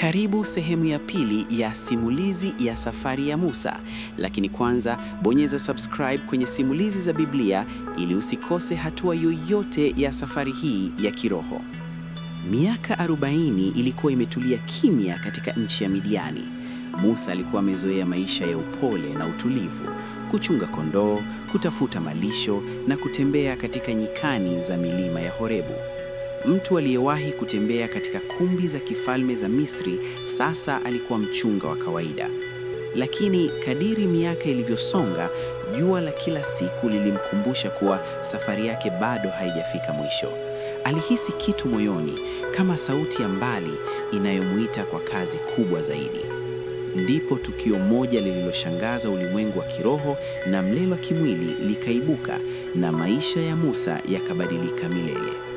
Karibu sehemu ya pili ya simulizi ya safari ya Musa, lakini kwanza bonyeza subscribe kwenye simulizi za Biblia ili usikose hatua yoyote ya safari hii ya kiroho. Miaka 40 ilikuwa imetulia kimya katika nchi ya Midiani. Musa alikuwa amezoea maisha ya upole na utulivu, kuchunga kondoo, kutafuta malisho na kutembea katika nyikani za milima ya Horebu. Mtu aliyewahi kutembea katika kumbi za kifalme za Misri sasa alikuwa mchunga wa kawaida. Lakini kadiri miaka ilivyosonga, jua la kila siku lilimkumbusha kuwa safari yake bado haijafika mwisho. Alihisi kitu moyoni, kama sauti ya mbali inayomuita kwa kazi kubwa zaidi. Ndipo tukio moja lililoshangaza ulimwengu wa kiroho na mlelo wa kimwili likaibuka na maisha ya Musa yakabadilika milele.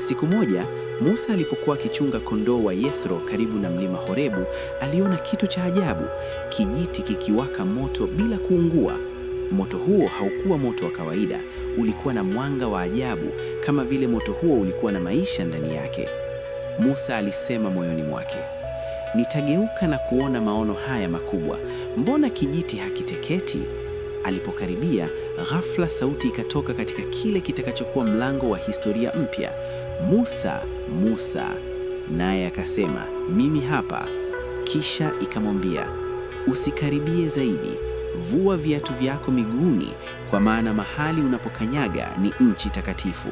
Siku moja Musa alipokuwa akichunga kondoo wa Yethro karibu na mlima Horebu, aliona kitu cha ajabu, kijiti kikiwaka moto bila kuungua. Moto huo haukuwa moto wa kawaida, ulikuwa na mwanga wa ajabu, kama vile moto huo ulikuwa na maisha ndani yake. Musa alisema moyoni mwake, nitageuka na kuona maono haya makubwa, mbona kijiti hakiteketi? Alipokaribia ghafla, sauti ikatoka katika kile kitakachokuwa mlango wa historia mpya. Musa, Musa, naye akasema, mimi hapa. Kisha ikamwambia, usikaribie zaidi, vua viatu vyako miguuni, kwa maana mahali unapokanyaga ni nchi takatifu.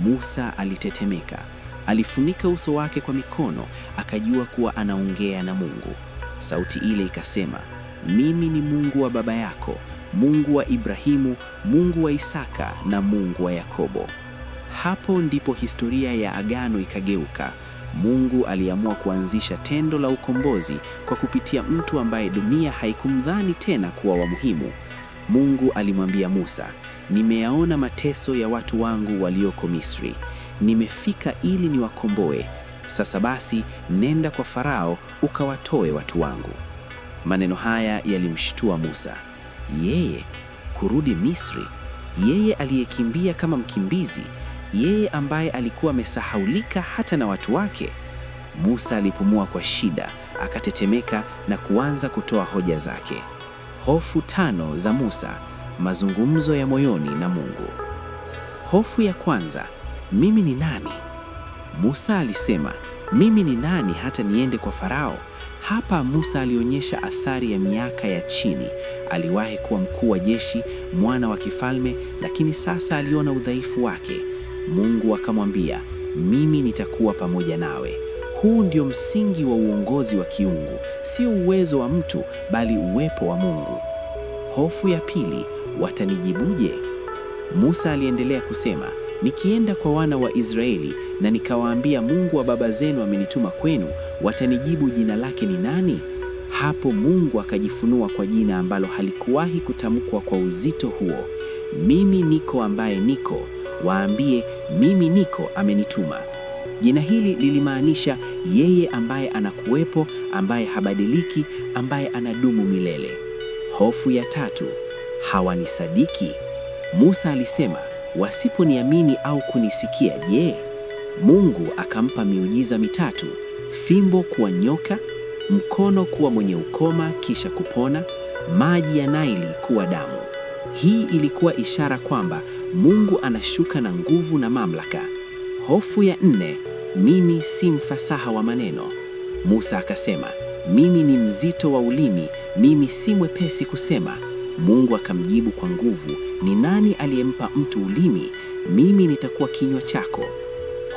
Musa alitetemeka, alifunika uso wake kwa mikono, akajua kuwa anaongea na Mungu. Sauti ile ikasema, mimi ni Mungu wa baba yako, Mungu wa Ibrahimu, Mungu wa Isaka na Mungu wa Yakobo. Hapo ndipo historia ya agano ikageuka. Mungu aliamua kuanzisha tendo la ukombozi kwa kupitia mtu ambaye dunia haikumdhani tena kuwa wa muhimu. Mungu alimwambia Musa, nimeyaona mateso ya watu wangu walioko Misri, nimefika ili niwakomboe. Sasa basi, nenda kwa Farao ukawatoe watu wangu. Maneno haya yalimshtua Musa. Yeye kurudi Misri, yeye aliyekimbia kama mkimbizi yeye ambaye alikuwa amesahaulika hata na watu wake. Musa alipumua kwa shida, akatetemeka na kuanza kutoa hoja zake. Hofu tano za Musa, mazungumzo ya moyoni na Mungu. Hofu ya kwanza, mimi ni nani? Musa alisema, mimi ni nani hata niende kwa Farao? Hapa Musa alionyesha athari ya miaka ya chini. Aliwahi kuwa mkuu wa jeshi, mwana wa kifalme, lakini sasa aliona udhaifu wake. Mungu akamwambia, mimi nitakuwa pamoja nawe. Huu ndio msingi wa uongozi wa kiungu, sio uwezo wa mtu, bali uwepo wa Mungu. Hofu ya pili, watanijibuje? Musa aliendelea kusema, nikienda kwa wana wa Israeli na nikawaambia, Mungu wa baba zenu amenituma kwenu, watanijibu jina lake ni nani? Hapo Mungu akajifunua kwa jina ambalo halikuwahi kutamkwa kwa uzito huo, mimi niko ambaye niko waambie mimi niko amenituma. Jina hili lilimaanisha yeye ambaye anakuwepo, ambaye habadiliki, ambaye anadumu milele. Hofu ya tatu, hawanisadiki. Musa alisema, wasiponiamini au kunisikia, je? Mungu akampa miujiza mitatu: fimbo kuwa nyoka, mkono kuwa mwenye ukoma kisha kupona, maji ya Naili kuwa damu. Hii ilikuwa ishara kwamba Mungu anashuka na nguvu na mamlaka. Hofu ya nne, mimi si mfasaha wa maneno. Musa akasema, mimi ni mzito wa ulimi, mimi si mwepesi kusema. Mungu akamjibu kwa nguvu, ni nani aliyempa mtu ulimi? Mimi nitakuwa kinywa chako.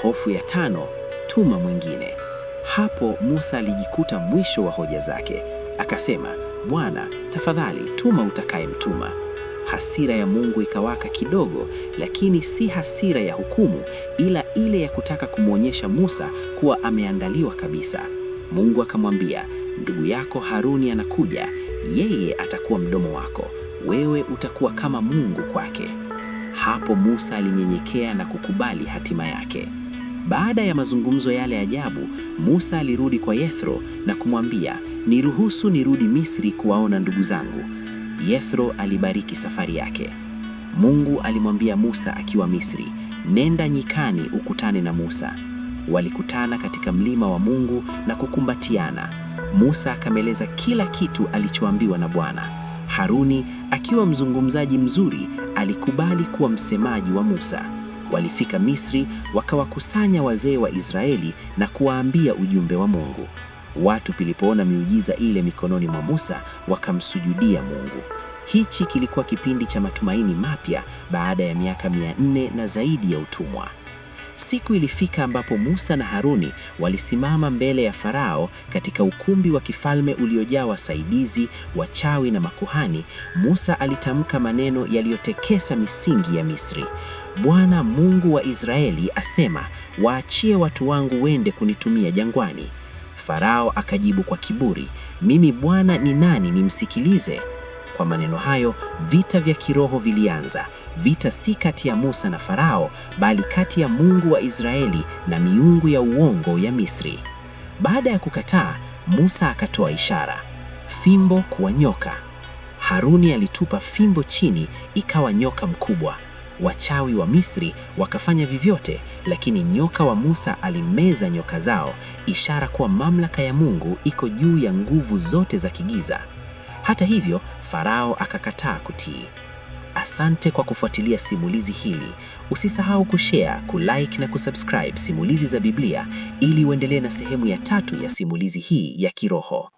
Hofu ya tano, tuma mwingine. Hapo Musa alijikuta mwisho wa hoja zake, akasema, Bwana tafadhali, tuma utakayemtuma hasira ya Mungu ikawaka kidogo, lakini si hasira ya hukumu, ila ile ya kutaka kumwonyesha Musa kuwa ameandaliwa kabisa. Mungu akamwambia, ndugu yako Haruni anakuja, yeye atakuwa mdomo wako, wewe utakuwa kama Mungu kwake. Hapo Musa alinyenyekea na kukubali hatima yake. Baada ya mazungumzo yale ajabu, Musa alirudi kwa Yethro na kumwambia, niruhusu nirudi Misri kuwaona ndugu zangu. Yethro alibariki safari yake. Mungu alimwambia Musa akiwa Misri, nenda nyikani ukutane na Musa. Walikutana katika mlima wa Mungu na kukumbatiana. Musa akameleza kila kitu alichoambiwa na Bwana. Haruni akiwa mzungumzaji mzuri, alikubali kuwa msemaji wa Musa. Walifika Misri, wakawakusanya wazee wa Israeli na kuwaambia ujumbe wa Mungu. Watu pilipoona miujiza ile mikononi mwa Musa wakamsujudia Mungu. Hichi kilikuwa kipindi cha matumaini mapya baada ya miaka mia nne na zaidi ya utumwa. Siku ilifika ambapo Musa na Haruni walisimama mbele ya Farao katika ukumbi wa kifalme uliojaa wasaidizi, wachawi na makuhani. Musa alitamka maneno yaliyotekesa misingi ya Misri. Bwana Mungu wa Israeli asema, waachie watu wangu wende kunitumia jangwani. Farao akajibu kwa kiburi, mimi Bwana ni nani nimsikilize? Kwa maneno hayo, vita vya kiroho vilianza. Vita si kati ya Musa na Farao, bali kati ya Mungu wa Israeli na miungu ya uongo ya Misri. Baada ya kukataa, Musa akatoa ishara, fimbo kuwa nyoka. Haruni alitupa fimbo chini, ikawa nyoka mkubwa. Wachawi wa Misri wakafanya vivyote, lakini nyoka wa Musa alimeza nyoka zao, ishara kuwa mamlaka ya Mungu iko juu ya nguvu zote za kigiza. Hata hivyo, Farao akakataa kutii. Asante kwa kufuatilia simulizi hili. Usisahau kushare, kulike na kusubscribe Simulizi za Biblia ili uendelee na sehemu ya tatu ya simulizi hii ya kiroho.